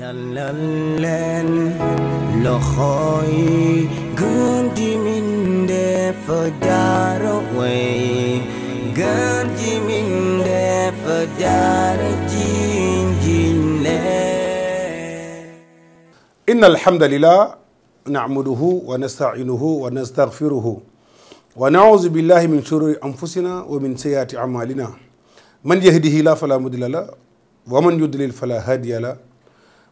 tàllal leen loxo yi gën di mindeef jaara way gën di mindeef jaara jiñ jiñ leen inna alhamdulillah na'maduhu wa nasta'inuhu wa nastaghfiruhu wa na'uuzu billahi min shururi anfusina wa min sayyi'ati a'malina man yahdihi la fala mudilla la wa man yudlil fala hadiya la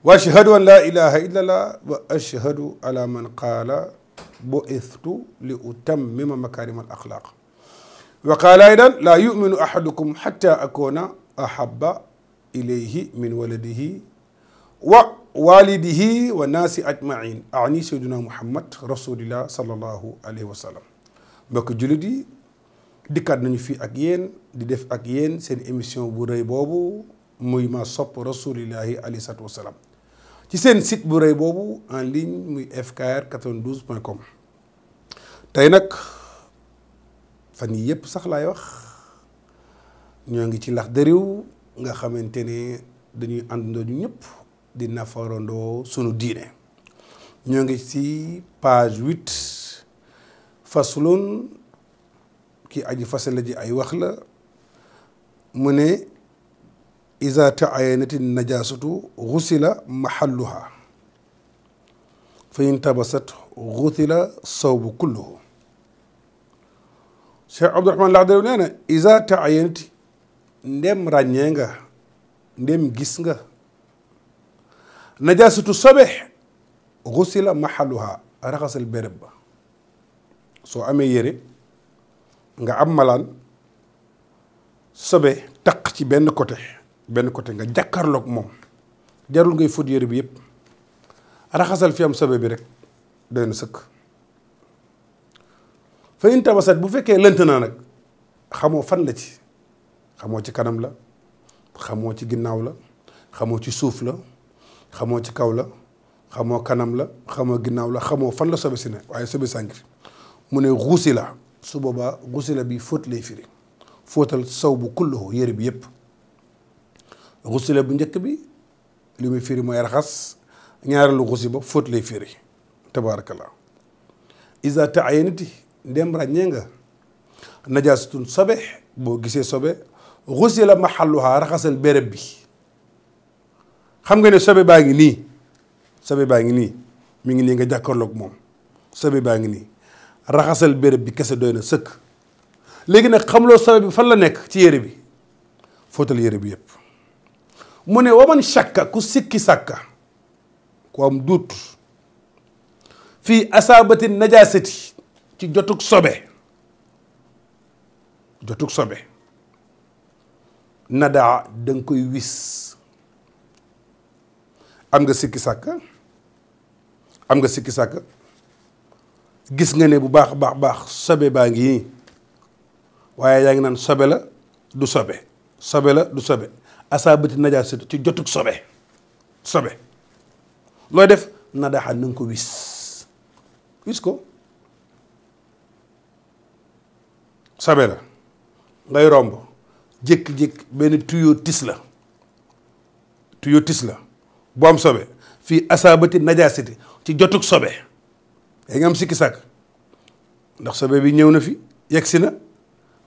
wa ashhadu an laa ilaha illa allah wa ashhadu ala man qaala bu'ithtu li utammima makarim al axlaq wa qaala aydan laa yuminu ahadukum xatta akoona ahaba ilayhi min waladihi wa walidihi wa naasi ajmain ani sayduna muhammad rasulillah sallallahu alayhi wa sallam mbokk jullit yi dikkaat nañu fii ak yéen di def ak yéen seen émission bu rëy boobu muy ma sopp rasulillahi alayhi salaatu wa salaam ci seen site bu rëy boobu en ligne muy fkr 92 point com tey nag fan yi yëpp sax laay wax ñoo ngi ci lax dëriw nga xamante ne dañuy àndandoo ñu ñëpp di nafarandoo sunu diine ñoo ngi ci page huit faslun ki aji fasal ji ay wax la mu ne isa taayanati najasatu xusila mahalluha fa in tabasat xusila sawbu kulluhu cheikh abdourahman laxdaru nee na isa taayanati ndem ràññee nga ndem gis nga najasatu sobe xusila mahalluha raxasal béréb ba soo amee yére nga am malaan sobe taq ci benn côté benn côté nga jàkkaarloog moom jarul ngay fóot yére bi yëpp raxasal fi am sobe bi rek doy na sëkk fa in tabasat bu fekkee lënt naa nag xamoo fan la ci xamoo ci kanam la xamoo ci ginnaaw la xamoo ci suuf la xamoo ci kaw la xamoo kanam la xamoo ginnaaw la xamoo fan la sobe si ne waaye sobe sàngi fi mu ne xuusi la su boobaa xuusi la bi fóot lay firi fóotal saw bu kulluhu yére bi yëpp xusle bu njëkk bi lu muy firi mooy raxas ñaareelu xusi ba fóot lay firi tabaarakallah isa taayanati ndem ràññee nga najaasatun sobe boo gisee sobe xusi la a raxasal béréb bi xam nga ne sobe baa ngi nii sobe baa ngi nii mu ngi nii nga jàkkaarloog moom sobe baa ngi nii raxasal béréb bi kese doy na sëkk léegi nag xamloo sobe bi fan la nekk ci yére bi fóotal yére bi yëpp mu ne waman shakka ku sikki sàkka ku am duut fii asaabati najaasati ci jotug sobe jotug sobe nadaa da nga koy wis am nga sikki sàkka am nga sikki sàkka gis nga ne bu baax baax baax sobe baa ngi waaye yaa ngi naan sobe la du sobe sobe la du sobe asaabati najaasatu ci jotug sobe sobe looy def nadaxa na nga ko wis wis ko sobe la ngay romb jékki-jékki benn tuyau tis la tuyau tis la boo am sobe fii asaabati najaasati ci jotuk sobe yaa ngi am sikki sàkk ndax sobe bi ñëw na fi yegsi na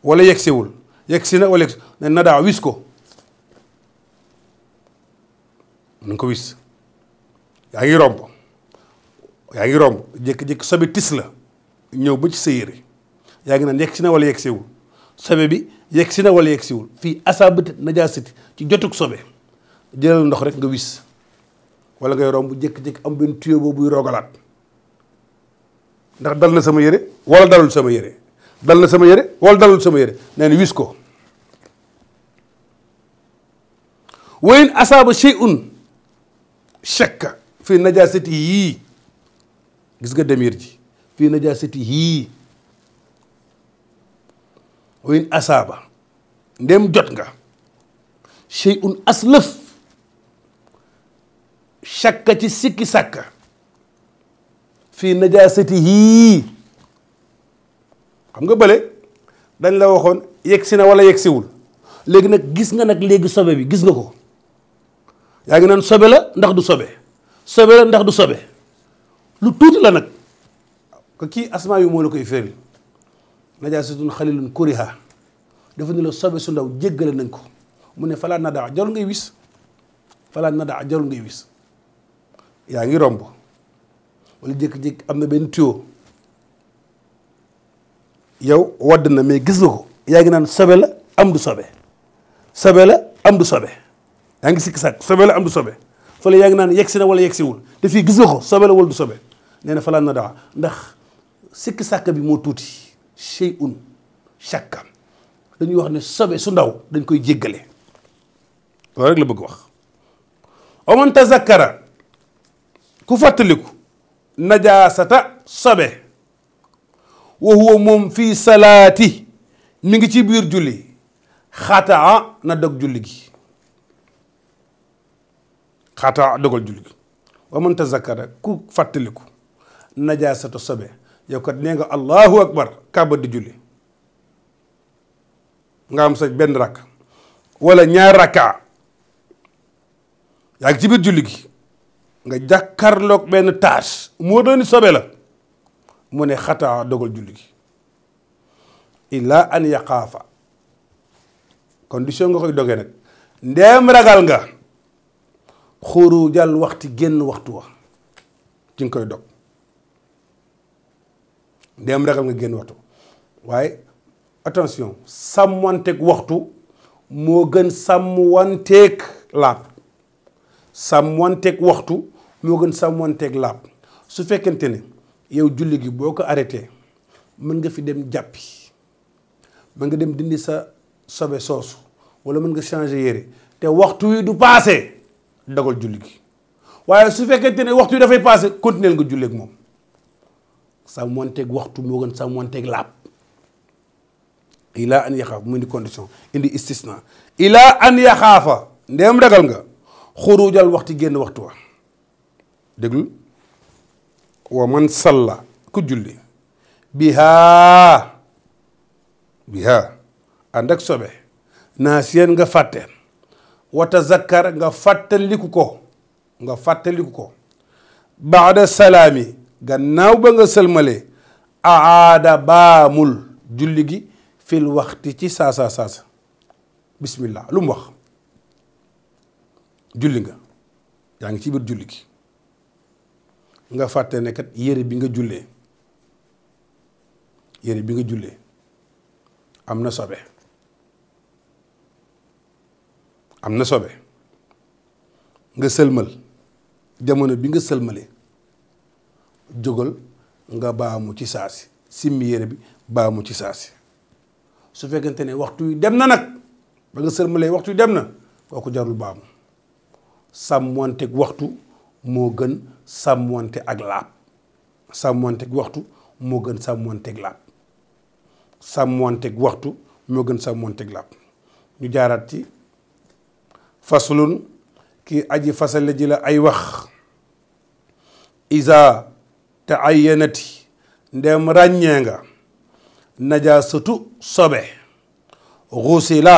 wala yegsiwul yegsi na wala yegsi na nadaa wis ko nu ko wis yaa ngi romb yaa ngi romb jékki-jékki sobe tis la ñëw ba ci sa yére yaa ngi naan yegg si na wala yegg siwul sobe bi yegg si na wala yegg wul fii asaabati najaasati ci jotuk sobe jëlal ndox rek nga wis wala ngay romb jékki-jékki am benn tuyau boobu buy rogalaat ndax dal na sama yére wala dalul sama yére dal na sama yére wala dalul sama yére nee wis ko wayn asaaba shay'un shakka fii najaasati yii gis nga demir ji fii najaasati yii wayn asaaba ndem jot nga shay'un aslëf shakka ci sikki sàkka fii najaasati yii xam nga bële dañ la waxoon yegsi na wala yegsiwul léegi nag gis nga nag léegi sobe bi gis nga ko yaa ngi naan sobe la ndax du sobe sobe la ndax du sobe lu tuuti la nag ko kii asmaa yu moo la koy firil najaasatun xalilun kuriha dafa ne la sobe su ndaw jéggale nañ ko mu ne falaa nadaa jarul ngay wis falaa nadaa jarul ngay wis yaa ngi romb walla jékki-jékki am na benn tuyau yow wadd na mais gis nga ko yaa ngi naan sobe la am du sobe sobe la am du sobe yaa ngi sikk sàkk sobe la am du sobe fële yaa ngi naan yegsi na wala yegsiwul te fii gis nga ko sobe la wala du sobe nee na na daa ndax sikk sàkk bi moo tuuti chey un dañuy wax ne sobe su ndaw dañ koy jéggale loolu rek la bëgg wax oman tazakkara ku fàttaliku najaasata sobe wa moom fii salaati mi ngi ci biir julli xataa na dog julli gi xaataa dogal julli gi wa man tazakkara ku fàttaliku najaasatu sobe yow nee nga allahu akbar kaaba di julli nga am sa benn rakk wala ñaar rakkaa yaa ngi ci biir julli gi nga jàkkaarloog benn taas moo dooni sobe la mu ne xataa dogal julli gi illaa an yaqaafa condition nga koy doge nag ndeem ragal nga xóoroo jàll waxti génn waxtu wa ci nga koy dog dem ragal nga génn waxtu waaye attention sàmmanteeg waxtu moo gën sàmm laab sàmmanteeg waxtu moo gën sàmmanteeg laab su fekkente ne yow julli gi boo ko arrêté mën nga fi dem jàppi mën nga dem dindi sa sobe soosu wala mën nga changer yére te waxtu wi du passé dagal julli gi waaye su fekkente ne waxtu yi dafay passé continuer nga julleeg moom sàmmanteeg waxtu moo gën sàmmanteeg laab ilaa an yaxaaf mu indi condition indi istisna ilaa an yaxaafa ndéem ragal nga xurujal waxtu génn waxtu wa déglu wa man salla ku julli bihaa bihaa ànd ak sobe naasiyen nga fàtteen wa tazakkar nga fàttaliku ko nga fàttaliku ko baada salaami gannaaw ba nga sëlmalee aada baamul julli gi fil waxti ci saasa saasa bismillah lu mu wax julli nga yaa ngi ci biir julli gi nga fàtte ne yére bi nga jullee yére bi nga jullee am na sobe am na sobe nga sëlmal jamono bi nga sëlmale jógal nga baamu ci saasi simmi yére bi baamu ci saasi su fekkente ne waxtu yu dem na nag ba nga sëlmalee waxtu yu dem na kooku jarul baamu sàmmanteeg waxtu moo gën sàmmante ak laab sàmmanteeg waxtu moo gën sàmmanteeg laab sàmmanteeg waxtu moo gën sàmmanteeg laab ñu jaaraat ci faslun ki aji fasale ji la ay wax isa te ayyanati ndem ràññee nga najaasatu sobe xusila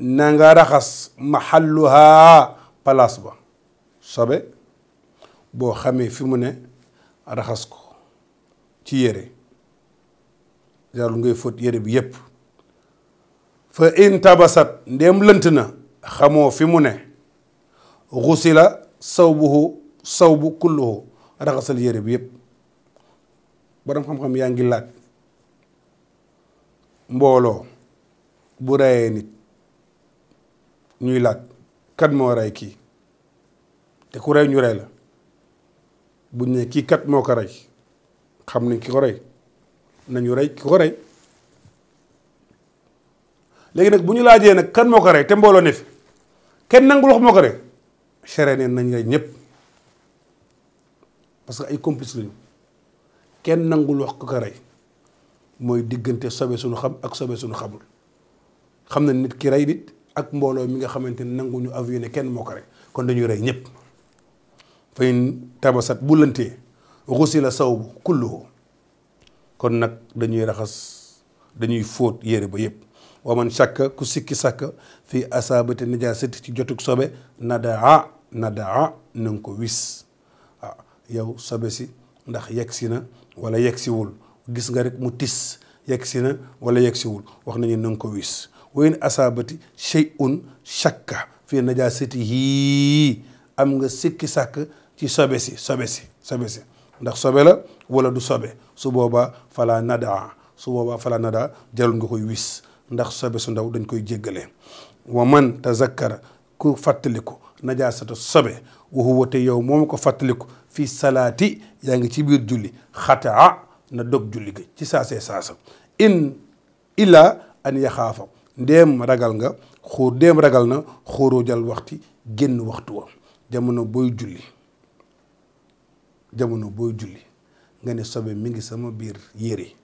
na nga raxas maxalluhaa palaas ba sobe boo xamee fi mu ne raxas ko ci yére jarul ngay fóot yére bi yépp fa in tabasat ndem lënt na xamoo fi mu ne xusila sawbuhu sawbu kulluhu raxasal yére bi yëpp borom xam-xam yaa ngi laaj mbooloo bu rayee nit ñuy laaj kat moo rey kii te ku rey ñu rey la buñ ne kii kat moo ko rey xam nañ ki ko rey nañu rey ki ko rey léegi nag bu ñu laajee nag kan moo ko rey te mbooloo ne fi kenn nangul wax moo ko rek chéré neen nañ ngay ñëpp parce que ay complice lañu kenn nangul wax ko ko rey mooy diggante sobe suñu xam ak sobe suñu xamul xam na nit ki rey nit ak mbooloo mi nga xamante ne nanguñu avionné kenn moo ko rey kon dañuy rey ñëpp fa in tabasat bu lëntee xusila saw bu kulluhu kon nag dañuy raxas dañuy fóot yére ba yëpp waman shakka ku sikki sàkk fii asaabati najaasati ci jotug sobe nadaa nadaa na nga ko wis waaw ah, sobe si ndax yegg si na wala yegg siwul gis nga rek mu tis yegg si na wala yegg siwul wax nañu na nga ko wis wayn asaabati shay'un shakka fii najaasati yii am nga sikki sàkk ci sobe si sobe si sobe si ndax sobe la wala du sobe su boobaa fala nadaa su boobaa fala nadaa jarul nga koy wis ndax sobe su ndaw dañ koy jéggale wa man tazakkara ku fàttaliku najaasatu sobe wa te yow moom ko fàttaliku fii salaati yaa ngi ci biir julli xataa na dog julli gi ci saasee saasa in illa an yaxaafa ndéem ragal nga xóor ndéem ragal na xóoroo jal waxti génn waxtu jamono booy julli jamono booy julli nga ne sobe mi ngi sama biir yére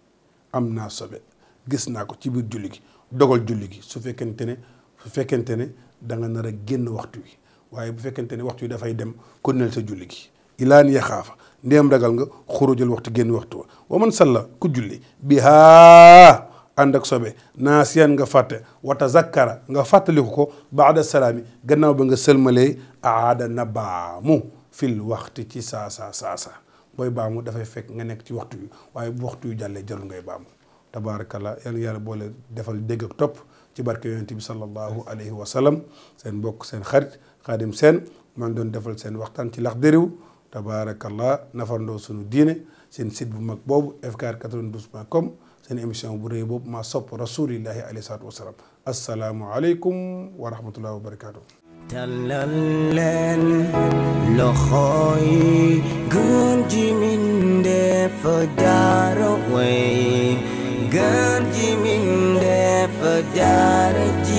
am naa sobe gis naa ko ci biir julli gi dogal julli gi su fekkente ne su fekkente ne da nga nar a génn waxtu wi waaye bu fekkente ne waxtu wi dafay dem continuer sa julli gi ilaan yaxaafa ndéem ragal nga xurujal waxtu génn waxtu wa wa man salla ku julli bi haa ànd ak sobe nga fàtte wata zakkara nga fàttaliku ko baada salaami gannaaw ba nga sëlmalee aada na baamu fil waxti ci saa saa saa saa booy baamu dafay fekk nga nekk ci waxtu wi waaye bu waxtu yi jàllee jarul ngay baamu tabaarakallah yal yàlla boole defal dégg topp ci barke yonent bi sallallahu alayhi wa sallam seen mbokk seen xarit xaadim seen man doon defal seen waxtaan ci lax Laxdariwu tabaarakallah nafarndoo sunu diine seen site bu mag boobu fkr 92 point seen émission bu rëy boobu maa sopp rasulillahi alayhi salaatu wa salaam asalaamualeykum wa gën ji min def daara ji